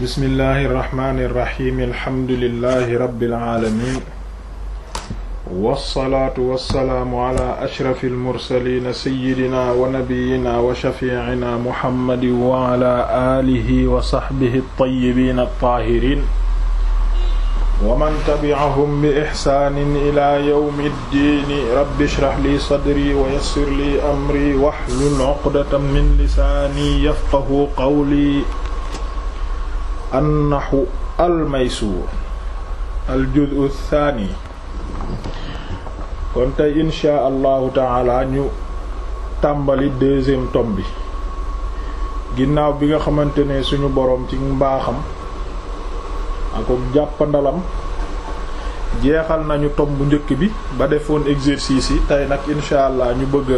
bismillahi irrahmani irrahim alhamdulilahi rabbil alamin wassalaatu wassalaamu ala ashrafi almursalina sayidina wa nabiyina wa shafiicina muhammadin wa ala aalihi wa saxbihi altayibiina altaahiriin wa man tabi'ahum bi ixsaanin ila yawmi ddiini rabbi shrah li sadri wa yassir li amri wahlul uqdatan min lisaani yafqahu qawli annaxu almaysuur aljuzu thani kon tey insha allahu taala ñu tàmbali deuxième tome bi ginnaaw bi nga xamante ne suñu boroom ci mbaaxam ak jàppandalam jeexal nañu tom bu njëkk bi ba defoon exercice yi tey nag insha allah ñu bëgg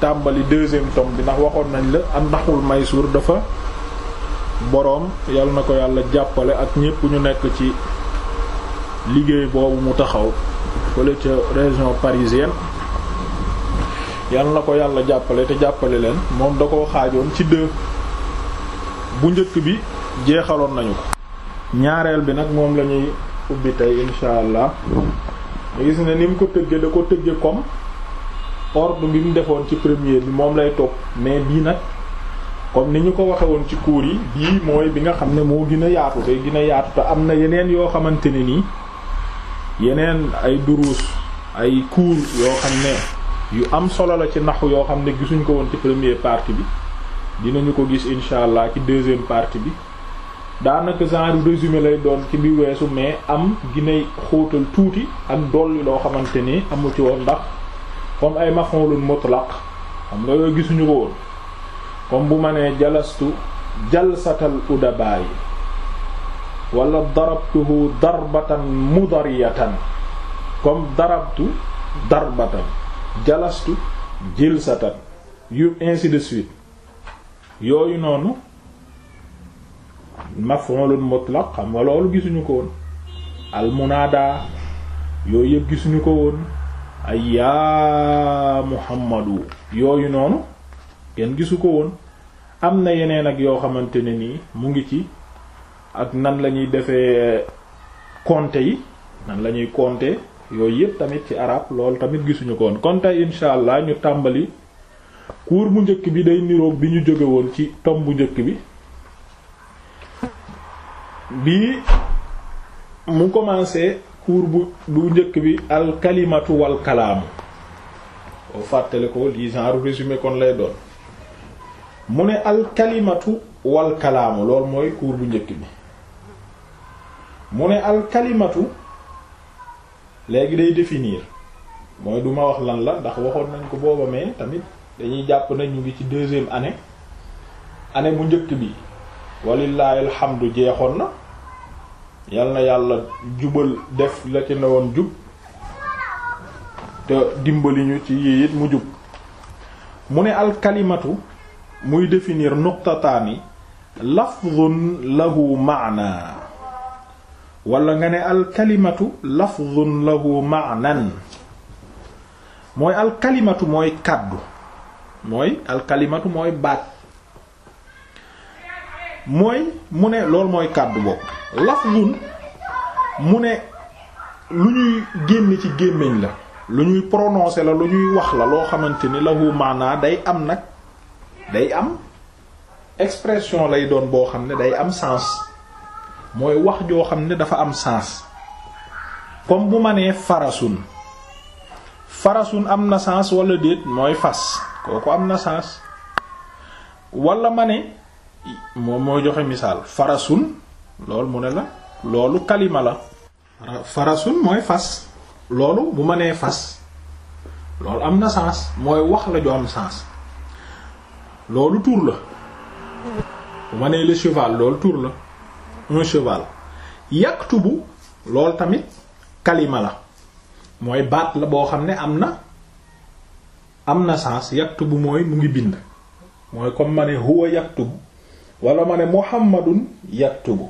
tàmbali deuxième tome bi ndax waxoon nañ la an naxul maysuur dafa boroom yal na ko yàlla jàppale ak ñépp ñu nekk ci liggéey boobu mu taxaw fële ca région parisienne yal na ko yàlla jàppale te jàppale leen moom da ko xaajoon ci dë bu njëkk bi jeexaloon nañu ko ñaareel bi nag moom la ñuy ubbi tey insha allah nga gis ne nim ko tëgge da ko tëgge comme ordre bi defoon ci premier bi moom lay topp mais bii nag comme ni ñu ko waxe woon ci cours yi bii mooy bi nga xam ne moo gën a yaatu te gina a yaatu te am na yeneen yoo xamante ne nii yeneen ay duruus ay cours yoo xam ne yu am solo la ci naxu yoo xam ne gisuñ ko woon ci première partie bi dinañu ko gis incha allah ci deuxième partie bi daanaka genre résumé lay doon ci bi weesu mais am ginay xóotal tuuti ak dolli loo xamante ni amu ci woon ndax comme ay maf'ulun mutlaq xam nga yooyu gisuñu ko woon comme bu ma nee jalastu jalsatal udabaay wala darabtuhu darbatan mudariyatan comme darabtu darbatan jalastu jilsatan yu ainsi yooyu noonu maf'ulun mutlaq xam nga loolu gisuñu ko woon almunaada yooyu yëpp gisuñu ko woon ay yaa muhammadu yooyu noonu kenn gisu ko woon am na yeneen ak yoo xamante ne nii mu ngi ci ak nan la ñuy defee eh, compter yi nan la ñuy compter yooyu yëpp tamit ci arab lool tamit gisuñu ko woon kon tey allah ñu tàmbali cours bu njëkk bi day niroog bi ñu jóge woon ci tom bu njëkk bi bii mu commencé cours bu bu njëkk bi al kalimatu wal kalaamu. boo fàttale ko lii genre résumé kon lay doon. mu ne alkalimatu walkalaamu loolu mooy cours bu njëkk bi mu ne alkalimatu léegi day définir mooy duma wax lan la ndax waxoon nañ ko booba mais tamit dañuy jàpp na ñu ngi ci deuxième année année bu njëkk bi walillahi alhamdu jeexoon na yal na yàlla jubal def la ci newoon jub te dimbali ñu ci yii it mu jub mu ne alkalimatu muy définir nuqtataani lafdun lahu maana walla nga ne alkalimatu lafdun lahu maanan mooy alkalimatu mooy kàddu mooy alkalimatu mooy baat mooy mu ne loolu mooy kàddu bopp lafdun mu ne lu ñuy génn ci gémmiñ la lu ñuy prononcer la lu ñuy wax la loo xamante ni lahu maanaa day am nag day am expression lay doon boo xam ne day am sens mooy wax joo xam ne dafa am sens comme bu ma nee farasun farasun am na sens wala déet mooy fas kooku am na sens wala ma ne moom mooy joxe misaal farasun loolu mu ne la loolu kalima la farasun mooy fas loolu bu ma nee fas loolu am na sens mooy wax la ju am sens loolu tur la bu ma nee le cheval loolu tur la un cheval yaktubu loolu tamit kalima la mooy baat la boo xam ne am na am na sens yaktubu mooy mu ngi bind mooy comme ma ne huwa yaktubu wala ma ne muhammadun yaktubu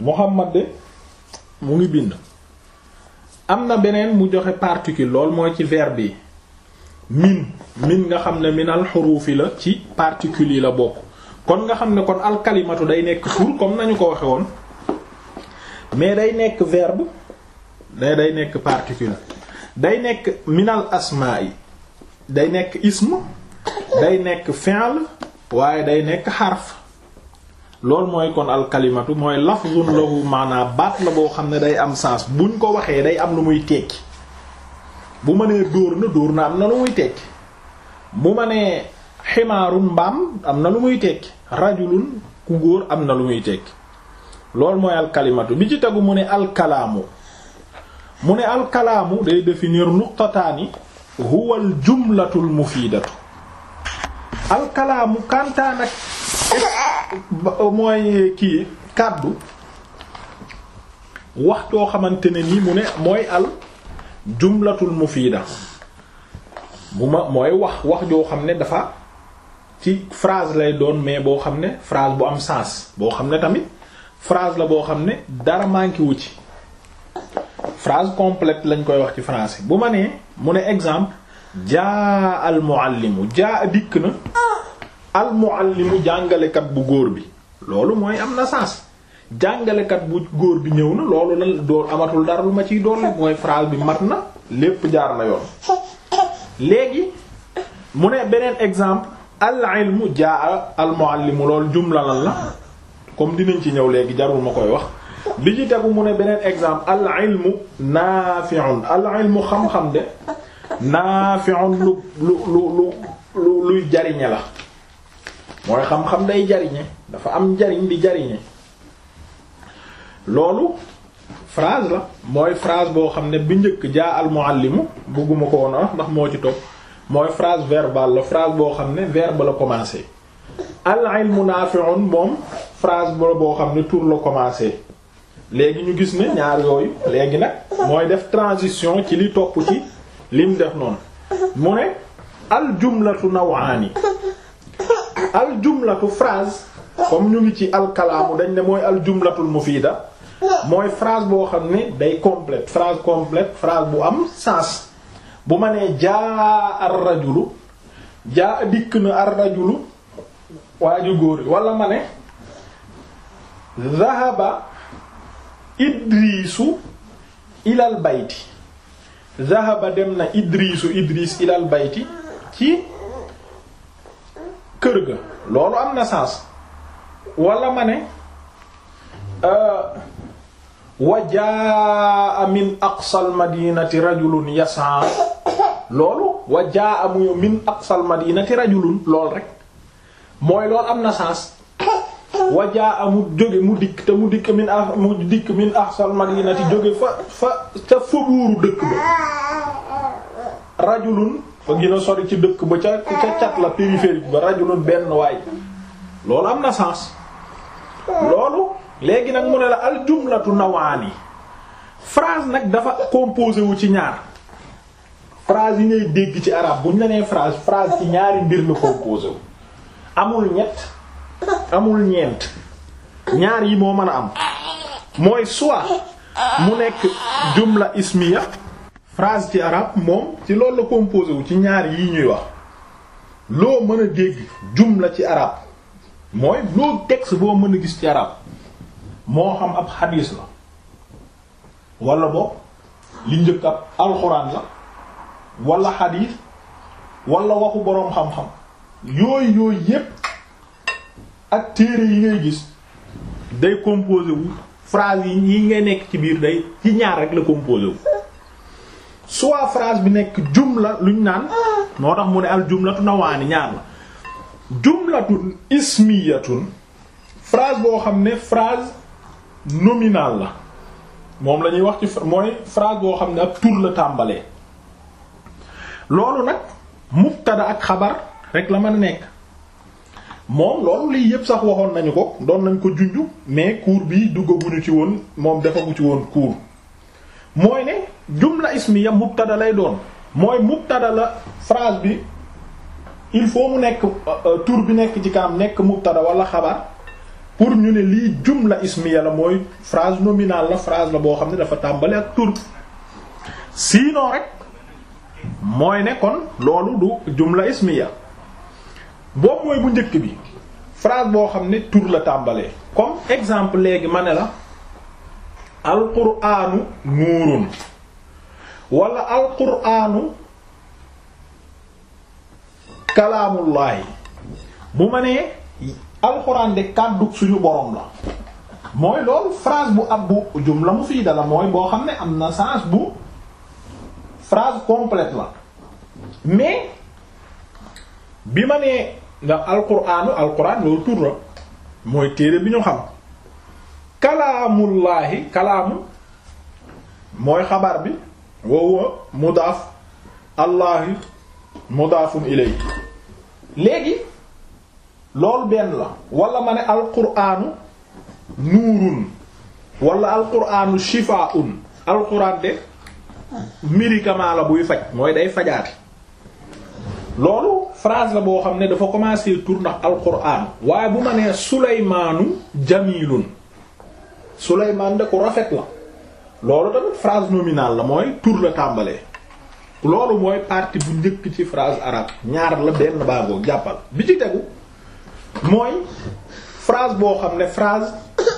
muhammad de mu ngi bind am na beneen mu joxe particule lool mooy ci verbe yi min min nga xam ne min alxuruufi la ci particule yi la bokk kon nga xam ne kon alkalimatu day nekk tur comme nañu ko waxe woon mais day nekk verbe day day nekk particule day nekk minal asmaa yi day nekk ism day nekk fi'l waaye day nekk xarf loolu mooy kon alkalimatu mooy la lahu maanaa baat la boo xam ne day am sens buñ ko waxee day am lu muy tekki bu ma nee dóor na dóor na am na lu muy tekki bu ma nee ximaarun mbaam am na lu muy tekki rajulun ku góor am na lu muy tekki loolu mooy alkalimatu bi ci tagu mu ne alkalaamu mu ne alkalaamu day définir nuqtataani huwa al jumlatul mufiidatu alkalaamu kantaan ak mooy kii kàddu waxtoo xamante ne ni mu ne mooy al jumlatul mufiida bu ma mooy wax wax joo xam ne dafa ci phrase lay doon mais boo xam ne phrase bu am sens boo xam ne tamit phrase la boo xam ne dara manqué wu ci phrase complete lañ koy wax ci français bu ma nee mu ne exemple jaa al muallimu jaa dikk na al muallimu jàngalekat bu góor bi loolu mooy am na sens jàngalekat bu góor bi ñëw na loolu la door amatul dara lu ma ciy doon mooy phrase bi mat na lépp jaar na yoon léegi mu ne beneen exemple al ilmu jaa al muallimu loolu jumla lan la comme dinañ ci ñëw léegi jarul koy wax bi ci tegu mu ne beneen exemple al ilmu naafi'un al ilmu xam de naafi'un lu jariñe la mooy xam-xam day jariñe dafa am njariñ di jariñe loolu phrase la mooy phrase boo xam ne bi njëkk jaa al muallimu bëgguma ko woon a ndax moo ci topp mooy phrase verbale la phrase boo xam ne verbe la commencé al moom phrase la boo xam ne tur la commencé léegi ñu gis ne ñaar yooyu léegi nag mooy def transition ci li topp ci lim def noonu mu ne al jumlatu naw'ani al jumlatu phrase comme ñu ngi ci al kalaamu dañ ne mooy al jumlatul mufida mooy phrase boo xam ne day complète phrase complète phrase bu am sens bu ma nee jaa ar rajulu jaa dikk na ar rajulu waa ju góor wala ma ne zahaba idrisu ilal bayti zahaba dem na idrisu idris ilal bayti ci kër ga loolu am na sens wala ma ne euh, wa jaa min aqsal madinati rajulun yas'a loolu wa jaa mu min aqsal madinati rajulun lool rek mooy loolu am na sens wa jaa mu jóge mu dikk te mu dikk min mu dikk min aqsal madinati jóge fa fa ca faubourg dëkk ba rajulun fa gën sori ci dëkk ba ca ca cat la périphérique ba rajulun benn waay loolu am na sens léegi nag mu ne la al jumlatu yi phrase nag dafa composé wu ci ñaar phrase yi ngay dégg ci arab bu ñu la nee phrase phrase ci ñaari mbir la composé wu amul ñett amul ñeent ñaar yi moo mën a am mooy soit mu nekk jumla ismiya phrase ci arab moom ci loolu la composé ci ñaar yi ñuy wax loo mën a dégg jumla ci arab mooy loo texte boo mën a gis ci arab moo xam ab xadiis la wala boog li njëkk ab alxuraan la wala xadiis wala waxu boroom xam-xam yooyu yooyu yépp ak téere yi ngay gis day composé wu yi yi ngay nekk ci biir day ci ñaar rek la composé wu soit bi nekk jumla luñ naan moo tax mu ne al jumlatu nawaani ñaar la jumlatun ismiyatun phrase boo xam ne phrase nominal la moom la ñuy wax ci mooy phrase boo xam ne ab tur la tàmbalee loolu nag mubtada ak xabar rek la mën a nekk moom loolu lii yëpp sax waxoon nañu ko doon nañ ko junj mais cours bi duggaguñu ci woon moom defagu ci woon cours mooy ne jumla ismiya mubtada lay doon mooy mubtada la phrase bi il faut mu nekk euh, euh, tur bi nekk ci kaam nekk mubtada wala xabar pour ñu ne lii jumla ismiya la mooy phrase nominale la phrase la boo xam ne dafa tàmbali ak tur sinon rek mooy nekkoon loolu du jumla ismiya boobu mooy bu njëkk bi phrase boo xam ne tur la tàmbalee comme exemple léegi ma ne la alqur'anu nuurun wala alqur'anu kalaamullaahi bu ma nee alxuraan de kàddug suñu borom la mooy loolu phrase bu ab bu jumla mu fii dala mooy boo xam ne am na sens bu phrase complète la mais bi ma nee ndax alxuraanu alxuraan loolu tur la mooy téere bi ñu xam kalaamullaahi kalaamu mooy xabar bi wowwa mudaaf allaahi mudaafun ilay léegi loolu benn la wala ma ne alquraanu nuurun wala alquraanu shifaa'un alquraan de médicament la buy faj mooy day fajaate loolu phrase la boo xam ne dafa commencer tur ndax alquraan waaye bu ma nee suleymaanu jamilun suleymaan de ku rafet la loolu tamit phrase nominale la mooy tur la tàmbalee loolu mooy partie bu njëkk ci phrase arabe ñaar la benn baa jàppal bi ci tegu mooy phrase boo xam ne phrase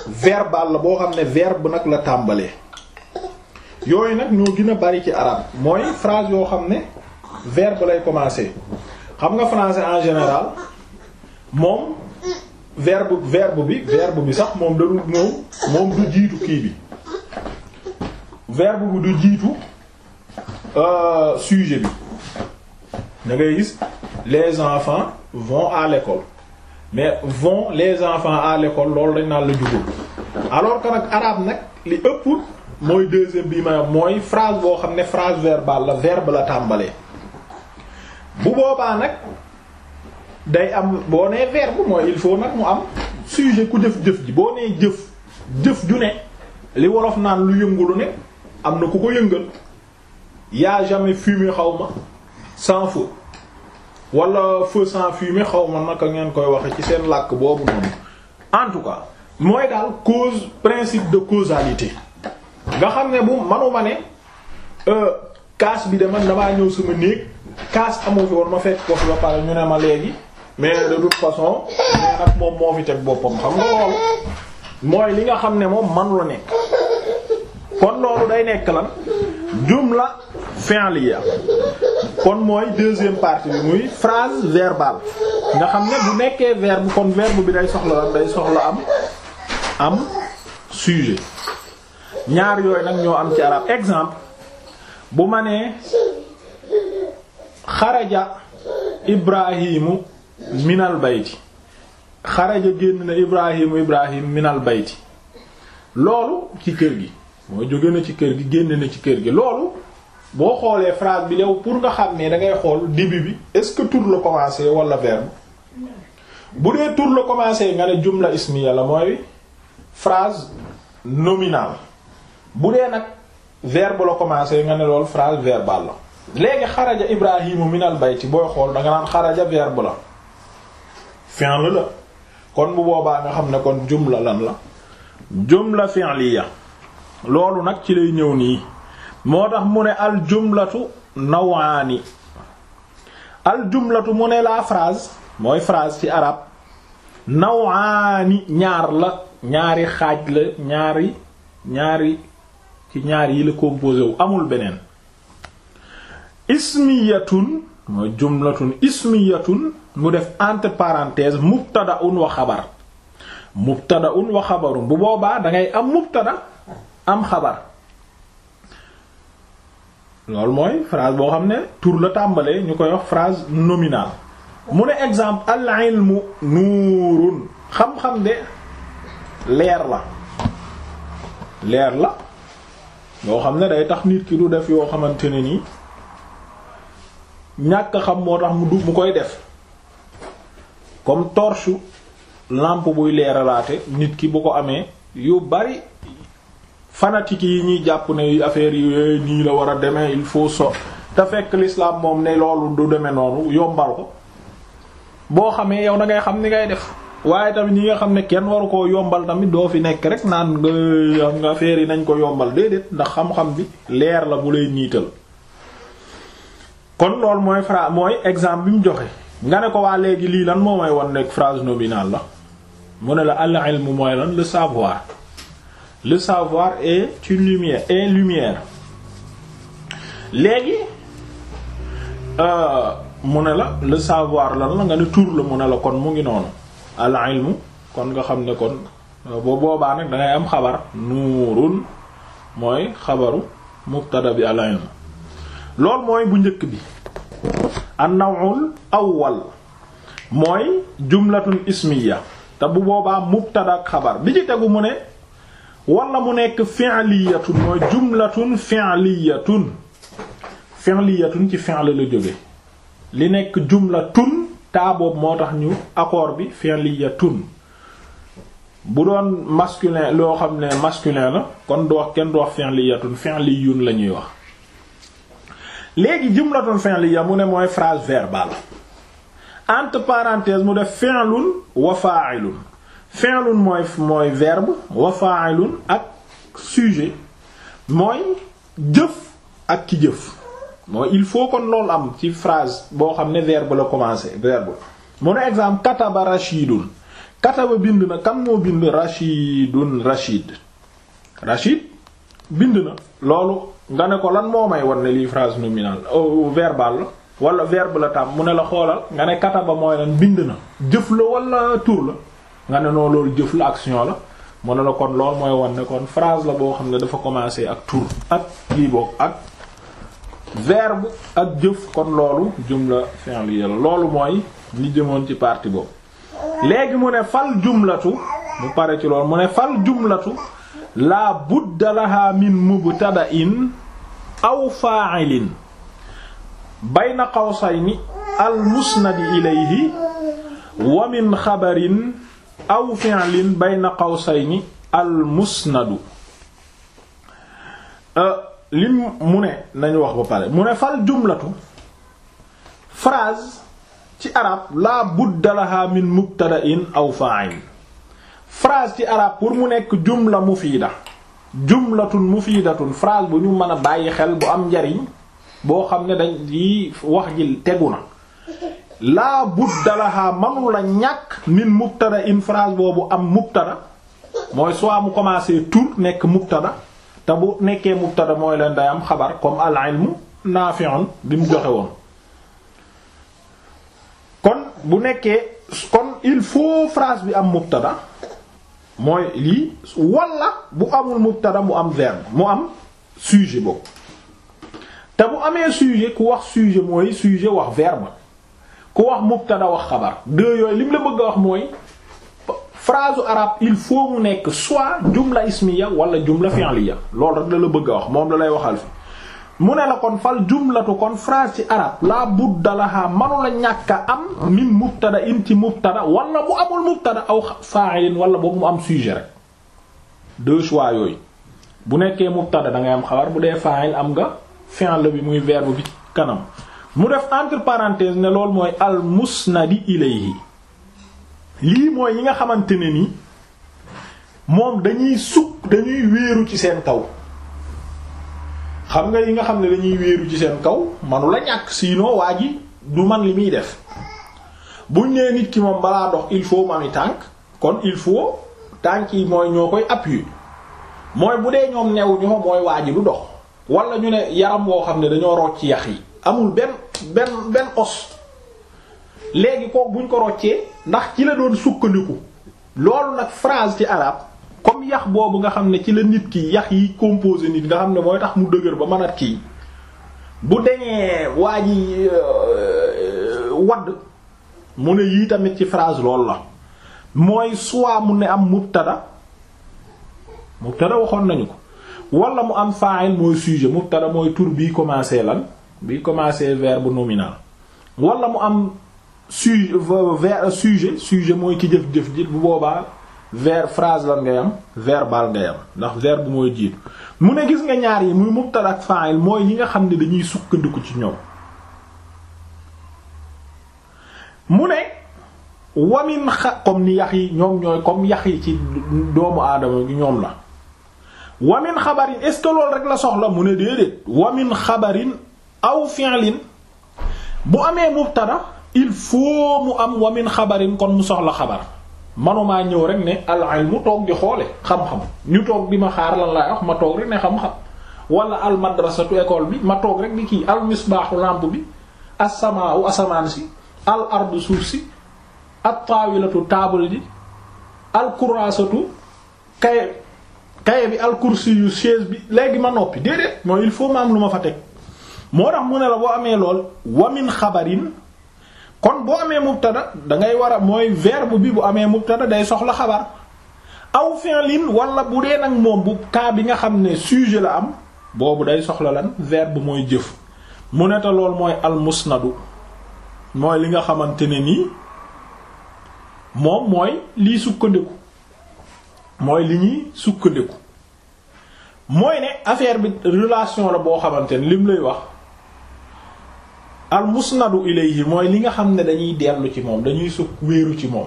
verbale la boo xam ne verbe nag la tàmbalee yooyu nag ñoo gën a bari ci arabe mooy phrase yoo xam ne verbe lay commencer xam nga français en général moom verbe verbe bi verbe bi sax moom dadul moom moom du jiitu kii bi verbe bi du jiitu euh, sujet bi da ngay gis les enfants vont à l'école mais vont les enfants à l'école loolu dañ naan la jugul alors que nag arabe nag li ëpp mooy deuxième bi ma mooy phrase boo xam ne phrase verbale la verbe la tàmbalee bu boobaa nag day am boo nee verbe mooy il faut nag mu am sujet ku jëf-jëf ji boo nee jëf jëf ju ne li wolof naan lu yëngulu ne am na ku ko yëngal yaa a jamais xaw ma sans feu wala feu sans fumée xaw ma naka ngeen koy waxe ci seen làkk boobu noonu en tout cas mooy daal cause principe de causalité nga xam ne bu manuma ne kaas euh, bi de man damaa ñëw sama néeg kaas amoo fi woon ma fekk ko fi ba pare ñu ne ma léegi mais de toute façon mais nag moom moo fi teg boppam xam nga loolu mooy li nga xam ne moom man la nekk kon loolu day nekk lan jumla fi'liya kon mooy deuxième partie bi muy phrase verbal nga xam ne bu nekkee verbe kon verbe bi day soxla lan day soxla am am sujet ñaar yooyu nag ñoo am ci arab exemple bu ma nee xaraja ibrahimu minal bayti xaraja génn na ibrahimu ibrahim minal bayti loolu ci kër gi mooy jóge na ci kër gi génn na ci kër gi loolu boo xoolee phrase bi yow pour nga xam ne da ngay xool début bi est-ce que tur la commencé wala verbe bu dee tour la commencé nga ne jumla ismiya la mooy phrase nominale bu dee nag verbe la commencé nga ne loolu phrase verbale la. léegi xaraja Ibrahimu minal ci booy xool da nga naan xaraja verbe la fi'l la kon bu boobaa nga xam ne kon jumla lan la jumla fi'liya loolu nag ci lay ñëw nii. moo tax mu ne al jumlatu nawaani al jumlatu mu ne la phrase mooy phrase ci arab nawaani ñaar la ñaari xaaj la ñaari ñaari ci ñaar yi la composé wu amul beneen ismiyatun mooy jumlatun ismiyatun mu def entre parenthèse mubtadaun wa xabar mubtadaun wa xabaru bu boobaa dangay am mubtada am xabar loolu mooy phrase boo xam ne tur la tàmbalee ñu koy wax phrase nominale mu ne exemple al mu nuurun xam-xam de leer la leer la yoo xam ne day tax nit ki du def yoo xamante ne nii ñàkk xam moo tax mu mu koy def comme torche lampe buy leeralaate nit ki bu ko amee yu bari fanatique yi ñuy jàpp ne affaire yi eh, nii la war a demee il faut so te fekk l'islam moom ne loolu du deme noonu yombal ko boo xamee yow na ngay xam ni ngay def waaye tamit ñi nga xam ne kenn waru koo yombal tamit doo fi nekk rek naan nga am affaire yi nañ ko yombal déedéet ndax xam-xam bi leer la bu lay ñiital kon loolu mooy fra mooy exemple bi mu joxe nga ne ko waa léegi lii lan moo may wan nekk phrase nominale la mu ne la al ilmu mooy lan le savoir le savoir est une lumière est lumière léegi euh, mu ne la le savoir lan la nga ne tuur la mu ne la kon mu ngi noonu al ilmu kon nga xam ne kon euh, boo boobaa nag dangay am xabar nuurun mooy xabaru mubtada bi al ilmu loolu mooy bu njëkk bi an nawul awwal mooy jumlatun ismiya te bu boobaa mubtada ak xabar bi ci tegu mu ne wala mu nekk fi'liyatun mooy jumlatun fi'liyatun fi'liyatun ci fi'l la jóge li nekk jumlatun taa boobu moo tax ñu accord bi fi'liyatun bu doon masculin loo xam ne masculin la kon du wax kenn du wax fi'liyatun fi'liyun la lañuy wax léegi jumlatun fi'liya mu ne mooy phrase verbale entre parenthèse mu def fi'lun wa fa'ilun fi'lun mooy mooy verbe wa fa'ilun ak sujet mooy jëf ak ki jëf mooy il faut kon loolu am ci phrase boo xam ne verbe la commencer verbe mu ne exemple kataba rachidun kataba bind na kan moo bind rachidun rachid rachid bind na loolu nga ne ko lan moo may wan ne lii phrase nominale euh, verbal la wala la tam mu ne la xoolal nga ne kataba mooy lan bind na jëf la wala tur la nga ne noo loolu jëf la action la mu ne la kon lool mooy won ne kon phrase la boo xam ne dafa commencer ak tur ak kii boog ak verbe ak jëf kon loolu jumla fi'liya la loolu mooy li jëmoon ci partie boobu léegi mu ne fal jumlatu mu pare ci loolu mu ne fal jumlatu la budda laha min mubtada'in aw fa'ilin bayna qawsayni al musnadi ilayhi wa min xabarin aw fi'lin bayna qawsayni al musnadu euh, li mu ne nañu wax ba pare mu ne fal jumlatu frase ci arab la budda laha min mubtada'in aw fa'il frase ci arab pour mu nekk jumla mufiida jumlatun mufiidatun phrase bu ñu mën a bàyyi xel bu am njariñ boo xam ne dañ yi wax ji tegu na laa budda lahaa manu la ñàkk min mubtada in phrase boobu am mubtada mooy soit mu commencé tur nekk mubtada te bu nekkee mubtada mooy leen day am xabar comme al ilmu naafi'un bi mu joxe woon kon bu nekkee kon il faut phrase bi am mubtada mooy lii wala bu amul mubtada mu am verbe mu am sujet boobu te bu amee sujet ku wax sujet mooy sujet wax verbe ku wax mubtada wax xabar deux yooyu lim la bëgg wax mooy phrase arabe il faut mu nekk soit jumla ismiya wala jumla fi'liya loolu rek la la bëgg a wax moom la lay waxal fi mu ne la kon fal jumlatu kon phrase ci arabe la budda laha manu la ñàkk a am min mubtada in ci mubtada wala bu amul mubtada aw fa'il wala boobu mu am sujet rek deux choix yooyu bu nekkee mubtada da ngay am xabar bu dee fa'il am nga fi'l bi muy verbe bi kanam mu def entre ne loolu mooy al musnadi ilayhi lii mooy yi nga xamante ne ni moom dañuy sukk dañuy wéeru ci seen kaw xam nga yi nga xam ne dañuy wéeru ci seen kaw manu la ñàkk sinon waa ji du man li muy def buñ nee nit ki moom balaa dox il faut mu tànk kon il faut tànk yi mooy ñoo koy appuyer mooy bu dee ñoom newuñu fa mooy waa ji lu dox walla ñu ne yaram woo xam ne dañoo rocc ci yax yi amul benn benn benn os léegi ko buñ ko roccee ndax ci la doon sukkandiku loolu nag frase ci arab comme yax boobu nga xam ne ci la nit ki yax yi composé nit nga xam ne mooy tax mu dëgër ba mën kii bu deñee waa yi euh, wadd mu ne yii tamit ci phrase loolu la mooy soit mu ne am mubtada mubtada waxoon nañu ko wala mu am fa'il mooy sujet mubtada mooy tour bii commencé lan bi commencer bu nominal wala mu am sujet verbe sujet sujet mooy ki jëf-jëf ji bu boobaa verbe phrase lan ngay ver verbal ngay am ndax verbe mooy jiitu mu ne gis nga ñaar yi muy mubtada ak fa'il mooy yi nga xam ne dañuy sukkandiku ci ñoom mu ne wamin xa comme ni yax yi ñoom ñooy comme yax yi ci doomu aadama gi ñoom la wamin xabarin est-ce rek la soxla mu ne déedéet wamin xabarin aw fi'lin bu amee mubtada il faut mu am wa min xabarin kon mu soxla xabar manumaa ñëw rek ne al ilmu toog di xoole xam-xam ñu toog bi ma xaar lan laay wax ma toog rek ne xam-xam wala al madrasatu bi ma toog rek di kii al misbaaxu lampe bi as-samaa'u asamaan si al ardu suuf si at-taawilatu taabal ji al kuraasatu kaye kaye bi al kursi yu chaise bi léegi ma noppi déedéet mooy il faut ma am lu ma fa teg moo tax mu ne la boo amee lool wamin xabarin kon boo amee mubtada dangay war a mooy verbe bi bu amee mubtada day soxla xabar aw fi'lin wala bu dee nag moom bu cas bi nga xam ne sujet la am boobu day soxla lan verbe mooy jëf mu ne te lool mooy almusnadu mooy li nga xamante ne nii moom mooy liy sukkandiku mooy li ñuy sukkandiku mooy ne affaire bi relation la boo xamante ne lim lay wax al musnadu yi mooy li nga xam ne dañuy dellu ci moom dañuy sukk wéeru ci moom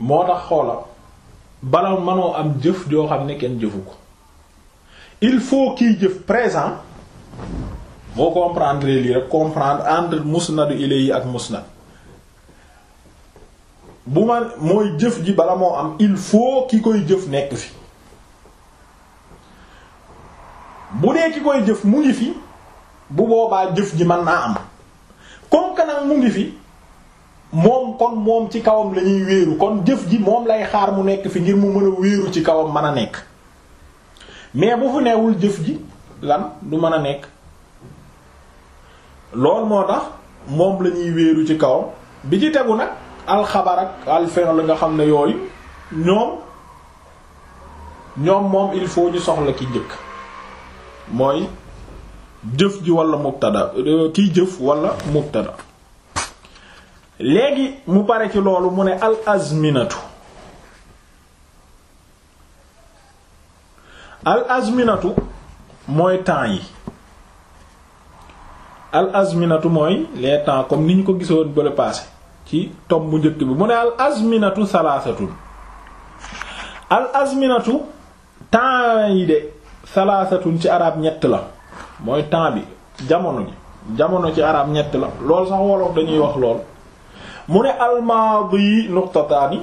moo tax xoola bala manoo am jëf joo xam ne kenn jëfu ko il faut kiy jëf présent boo comprendre lii rek comprendre entre musnadu yi ak musnad bu ma mooy jëf ji bala moo am il faut ki koy jëf nekk fi bu dee koy jëf mu ngi fi bu boobaa jëf ji man naa am comme que nag mu ngi fi moom kon moom ci kawam lañuy ñuy wéeru kon jëf ji moom lay xaar mu nekk fi ngir mu mën a wéeru ci kawam mën a nekk mais bu fu neewul jëf ji lan du mën a nekk loolu moo tax moom lañuy wéeru ci kawam bi ci tegu nag alxabar ak alfin la nga xam ne yooyu ñoom ñoom moom il faut ñu soxla ki njëkk mooy jëf ji wala mubtada euh, kiy jëf wala mubtada léegi mu pare ci loolu mu ne al azminatu al mooy temps yi al azminatu mooy les temps comme ni ñu ko gisoon bële passé ci tom bu njëkk bi mu ne al azminatu salaasatun al azminatu temps yi de salaasatun ci arab ñett la mooy temps bi jamono jamono ci arab ñett la lool sax wolof dañuy wax lool mu ne almaadi nuqtataani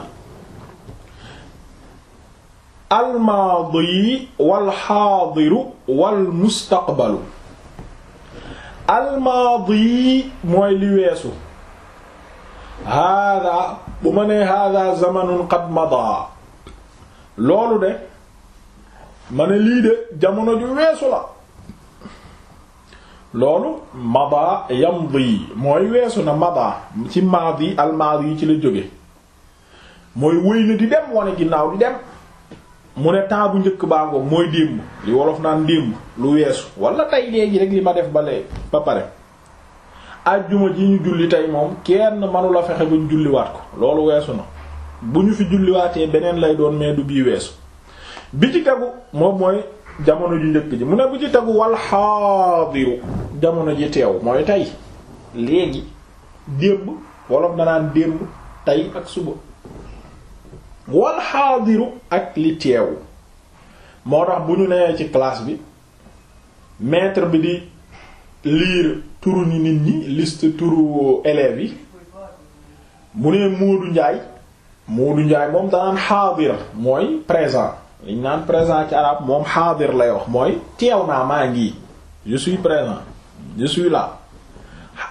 almaadi wal xaadiru wal mustaqbalu almaadi mooy li weesu hada bu ma nee hada zamanun qad mada loolu de ma ne lii de jamono ju weesu la loolu mada yamdi mooy weesu na mada ci maadi al maadi yi ci la jóge mooy wëy na di dem wane ginnaaw di dem mu ne temps bu njëkk baangoo mooy démb li wolof naan démb lu weesu wala tey léegi rek li ma def ba lee ba pare ajjuma ji ñu julli tey moom kenn mënu la fexe buñ julliwaat ko loolu weesu na bu ñu fi julliwaatee beneen lay doon mais du bii weesu bi ci tegu moom mooy jamono ju njëkk ji mu ne bu ci tegu wal xaadiru jamono ji teew mooy tay léegi démb wolof danaan démb tey ak suba wal xaadiru ak li teew moo tax bu ñu nee ci classe bi maître bi di lire turu ni nit ñi liste turu élèves yi mu nee Moodu Njaay Moodu Njaay moom danaan xaadir mooy présent liñ naan présent ci arab moom xaadir lay wax mooy teew naa maa ngi je suis présent je suis là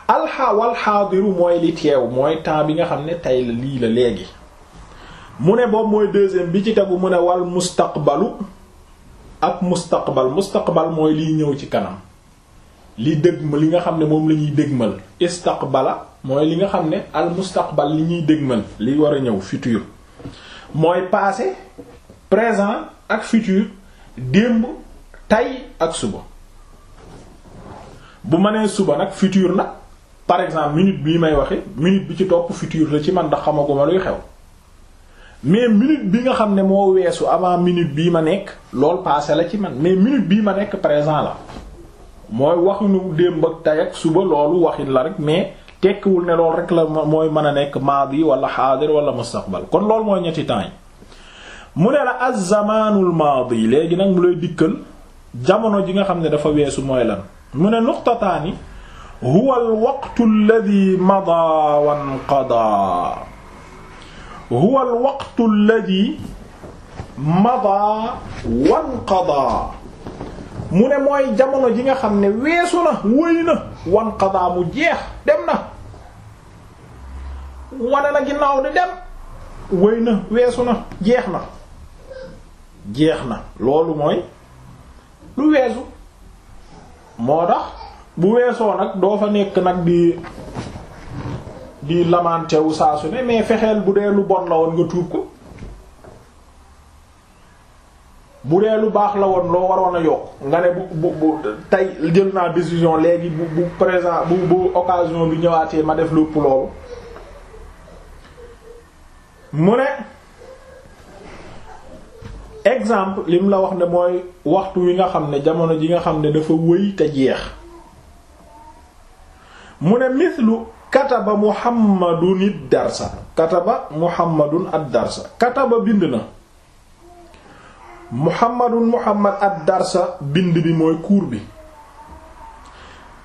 alxa wal mooy li temps bi nga xam ne tey la lii la léegi mu ne boobu mooy deuxième bi ci tegu mu ne wal mustaqbalu ak mustaqbal mustaqbal mooy liy ñëw ci kanam li dëgmal li nga xam ne moom la ñuy dëgmal istaqbala mooy li nga xam ne al mustaqbal li ñuy dëgmal li war a ñëw futur mooy passé présent ak futur démb tay ak suba bu ma nee suba nag futur nag par exemple minute bii may waxe minute bi ci topp futur la ci man ndax xamaguma luy xew mais minute bi nga xam ne moo weesu avant minute bii ma nekk lool passé la ci man mais minute bii ma nekk présent la mooy waxuñu démb ak tay ak suba loolu waxin la rek mais tekkiwul ne loolu rek la mooy mën a nekk maadi wala xaadir wala mustaqbal kon loolu mooy ñetti temps yi mu ne la az-zamaanul maadi léegi nag mu lay dikkal jamono ji nga xam ne dafa weesu mooy lan mu ne nuqtataani huwa al-waqtu alladhi madaa wa inqadaa huwa al-waqtu alladhi wa inqadaa mu ne mooy jamono ji nga xam ne weesu na wëy na wa inqadaa mu jeex dem na wane na ginnaaw di dem wëy na weesu na jeex na jeex na loolu mooy lu weesu moo tax bu weesoo nag doo fa nekk nag di di lamante wu saa su ne mais fexeel bu dee lu bon la woon nga tuub ko bu dee lu baax la woon loo waroon a yokk nga ne bu bu bu tey jël naa décision léegi bu bu présent bu bu occasion bi ñëwaatee ma def lu ëpp loolu mu ne exemple lim la wax ne mooy waxtu wi nga xam ne jamono ji nga xam ne dafa wëy te jeex mu ne mislu kataba muhammadun id darsa kataba muhammadun ad darsa kataba bind na muhammadun muhammad ad darsa bind bi mooy cours bi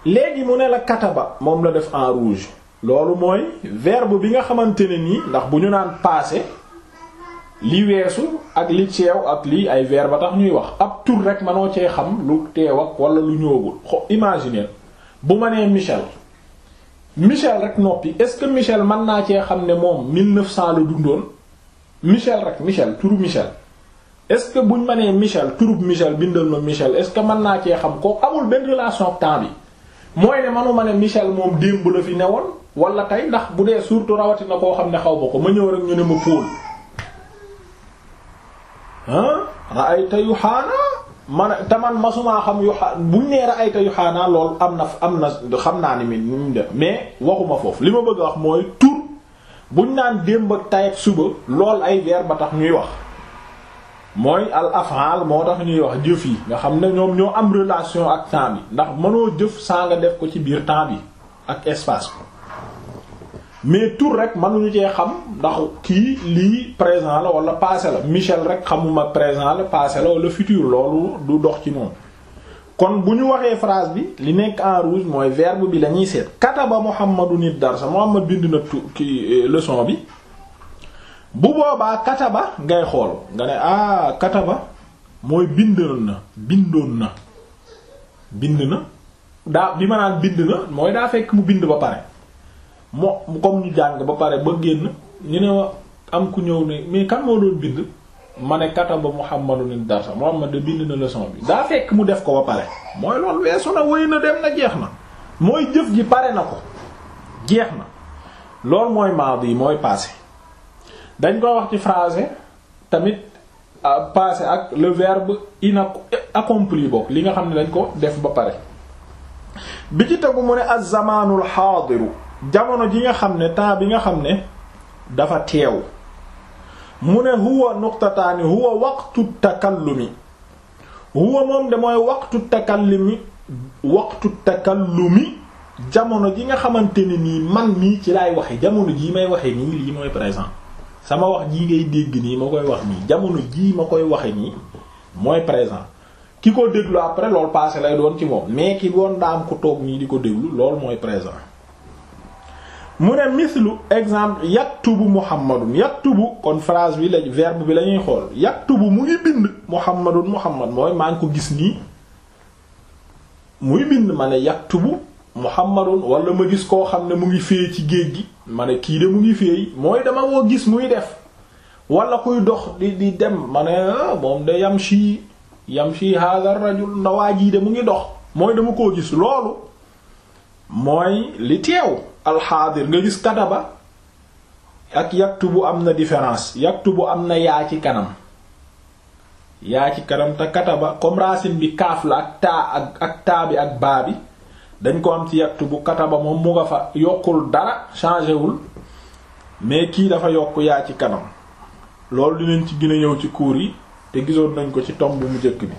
léegi mu ne la kataba moom la def en rouge loolu mooy verbe bi nga xamante ne nii ndax bu ñu naan passé li weesu ak li ceew ak lii ay verbe ba tax ñuy wax ab tur rek manoo cee xam lu teew ak wala lu ñëwagul xo imaginer bu ma nee Michel Michel rek noppi est-ce que Michel mën naa cee xam ne moom 1900 la dundoon Michel rek Michel turu Michel est-ce que buñ ma nee Michel turub Michel bindal ma Michel est-ce que mën naa cee xam ko amul benn relation ak temps bi mooy ne manuma ne Michel moom démb la fi newoon wala tey ndax bu dee surtout rawatina koo xam ne xaw ma ko ma ñëw rek ñu ne ma Paul. ra'ayta yuhaana man te man masumaa xam bu buñ nee ra'ayta yuhaana lool am na am na xam naa ni mi ni mu def mais waxuma foofu li ma bëgg a wax mooy tur buñ naan démb ak tay ak suba lool ay verbe ba tax ñuy wax mooy al af'al moo tax ñuy wax jëf yi nga xam ne ñoom ñoo am relation ak temps bi ndax mënoo jëf saa nga def ko ci biir temps yi ak espace ko mais tour rek mënuñu cee xam ndax kii lii présent la wala passé la Michel rek xamuma présent la passé la wala futur loolu du dox ci noonu kon bu ñu waxee phrase bi li nekk en rouge mooy verbe bi la ñuy seet kataba Muhammadu nit darsa Muhammad bind na tu ki euh, bi bu boobaa kataba ngay xool nga ne ah kataba mooy bindoon na bindoon na bind na daa bi ma naan bind na mooy daa fekk mu bind ba pare mu comme ñu jàng ba pare ba génn ñu ne am ku ñëw ne mais kan moo doon bind ma ne kataba Muhammadu nit darsa Muhammad de bind na leçon bi daa fekk mu def ko ba pare mooy loolu weesu na wéy na dem na jeex na mooy jëf ji pare na ko jeex na loolu mooy maadi mooy passé dañ koy wax ci français tamit ah, passé ak le verbe ina accompli boobu li nga xam ne dañ ko def ba pare bi ci tegu mu ne az-zamaanul haadiru jamono ji nga xam ne temps bi nga xam ne dafa teew mu ne huwa nuqtataani huwa waqtu takallumi huwa moom de mooy waqtu takallumi lu mi jamono ji nga xamante ne nii man mii ci laay waxe jamono jii may waxe nii lii mooy présent sama wax jii ngay dégg nii ma koy wax nii jamono jii ma koy waxe nii mooy présent ki ko déglu après loolu passé lay doon ci moom mais ki doon daam ko toog nii di ko déglu loolu mooy présent mu ne mislu exemple yaktubu muhammadun yaktubu kon phrase bi la verbe bi lañuy ñuy xool yaktubu mu ngi bind muhammadun muhammad mooy maa ngi ko gis nii muy bind ma ne yaktubu muhammadun wala ma gis koo xam ne mu ngi féey ci géej gi ma ne kii de mu ngi féey mooy dama woo gis muy def walla kuy dox di di dem ma ne ah, moom de yamshi yamshi hadha rajul ndawaa jii de mu ngi dox mooy dama koo gis loolu mooy li teew alxaadir nga gis kataba ak yaktubu am na différence bu am na yaa ci kanam yaa ci kanam te kataba comme racine bi kaaf la ak taa ak taa bi ak baa bi dañ ko am ci yaktubu kataba moom mu nga fa yokkul dara changé wul mais kii dafa yokk yaa ci kanam loolu dinañ ci gën a ñëw ci cours yi te gisoon nañ ko ci tomb bu mu njëkk bi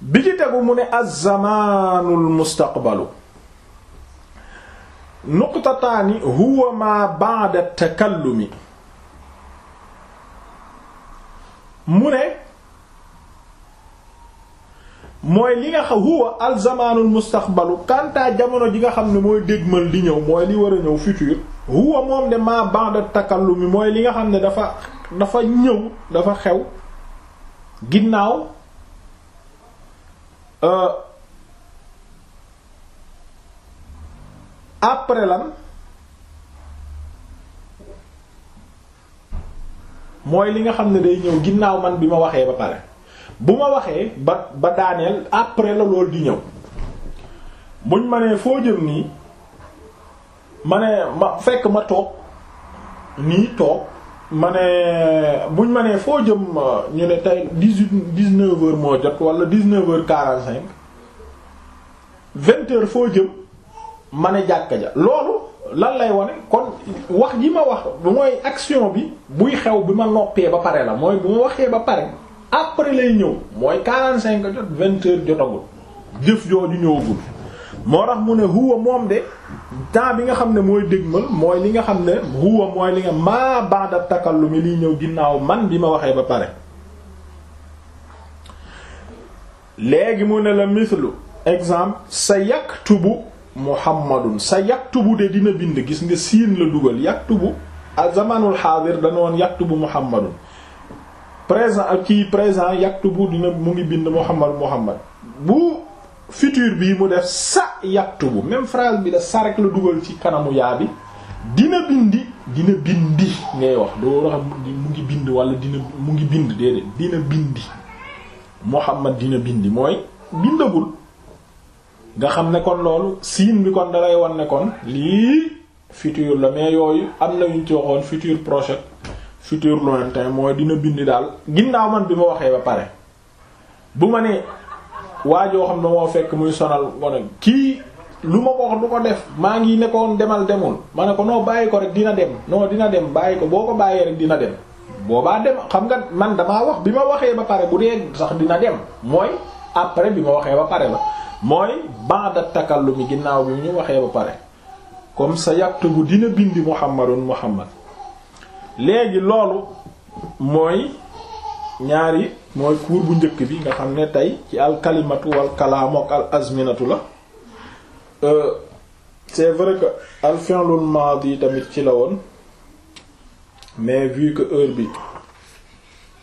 bi ci tegu mu ne az-zamaanul mustaqbalu nuqtataani huwa ma ba'da takallumi mu ne mooy li nga xam huwa al zamaanul mustaqbalu kantaa jamono ji nga xam ne mooy dégmal di ñëw mooy li war a ñëw futur huwa moom de ma ba'da takallumi mooy li nga xam ne dafa dafa ñëw dafa xew ginnaaw euh, après lan mooy li nga xam ne day ñëw ginnaaw man bi ma waxee ba pare bu ma waxee ba ba daaneel après la lool di ñëw buñ ma nee foo jëm nii ma ne ma fekk ma toog nii toog ma ne buñ ma nee foo jëm ñu ne tey dix-huit dix-neuf heures moo jot wala dix-neuf heures quarante-cinq vingt foo jëm ma ne jàkka ja loolu lan lay wane kon wax ji ma wax mooy action bi buy xew bi ma noppee ba pare la mooy bu ma waxee ba pare après lay ñëw mooy quarante cinq jot vingt heures jotagul jëf jooju ñëwagul moo tax mu ne huwa moom de temps bi nga xam ne mooy dégmal mooy li nga xam ne huwa mooy li nga maa ba'da takallumi liy ñëw ginnaaw man bi ma waxee ba pare léegi mu ne la mislu exemple sa yaktubu muhammadun sa bu de dina bind gis nga siin la dugal bu a zamanul xaadir dana woon yaktubu muhammadun présent ak kii présent yaktubu dina mu ngi bind muhammad muhammad bu futur bi mu def sa yaktubu même phrase bi da sa rek la dugal ci kanamu yaa bi dina bindi dina bindi ngay wax doo wax mu ngi bind wala dina mu ngi bind déedéet dina bindi muhammad dina bindi mooy bindagul nga xam ne kon loolu signe bi kon dalay wan nekkoon lii futur la mais yooyu am na ñu ci waxoon futur projet futur lointain mooy dina bind daal ginnaaw man bi ma waxee ba pare bu ma waa waajoo xam ne moo fekk muy sonal wane kii lu ma ko wax du ko def maa ngi nekkoon demal demul ma ne ko non bàyyi ko rek dina dem non dina dem bàyyi ko boo ko bàyyee rek dina dem boobaa dem xam nga man damaa wax bi ma waxee ba pare bu dee sax dina dem mooy après bi ma waxee ba pare la mooy ba'da takallumi ginnaaw bi ñu waxee ba pare comme sa yaktubu dina bindi muhammadun muhammad léegi loolu mooy ñaari mooy cours bu njëkk bi nga xam ne tey ci al kalimatu wal kalaamu ak al azminatu la euh, c'est vrai que al fi'lul tamit ci la woon mais vu que heure bi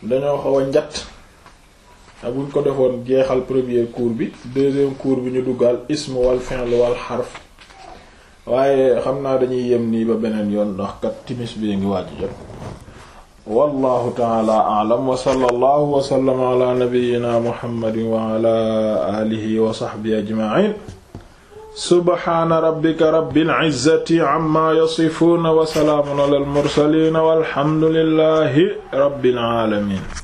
dañoo xaw a te ah, buñ ko defoon jeexal premier cours bi deuxième cours bi ñu duggal ism wal fi'l wal xarf waaye xam naa dañuy yem nii ba beneen yoon ndax kat timis bi ngi wàcc jot wallahu taala alam wa sallallahu wa sallama ala nabiyyina muhammadin wa ala alihi wa sahbihi ajma'in subhana al alamin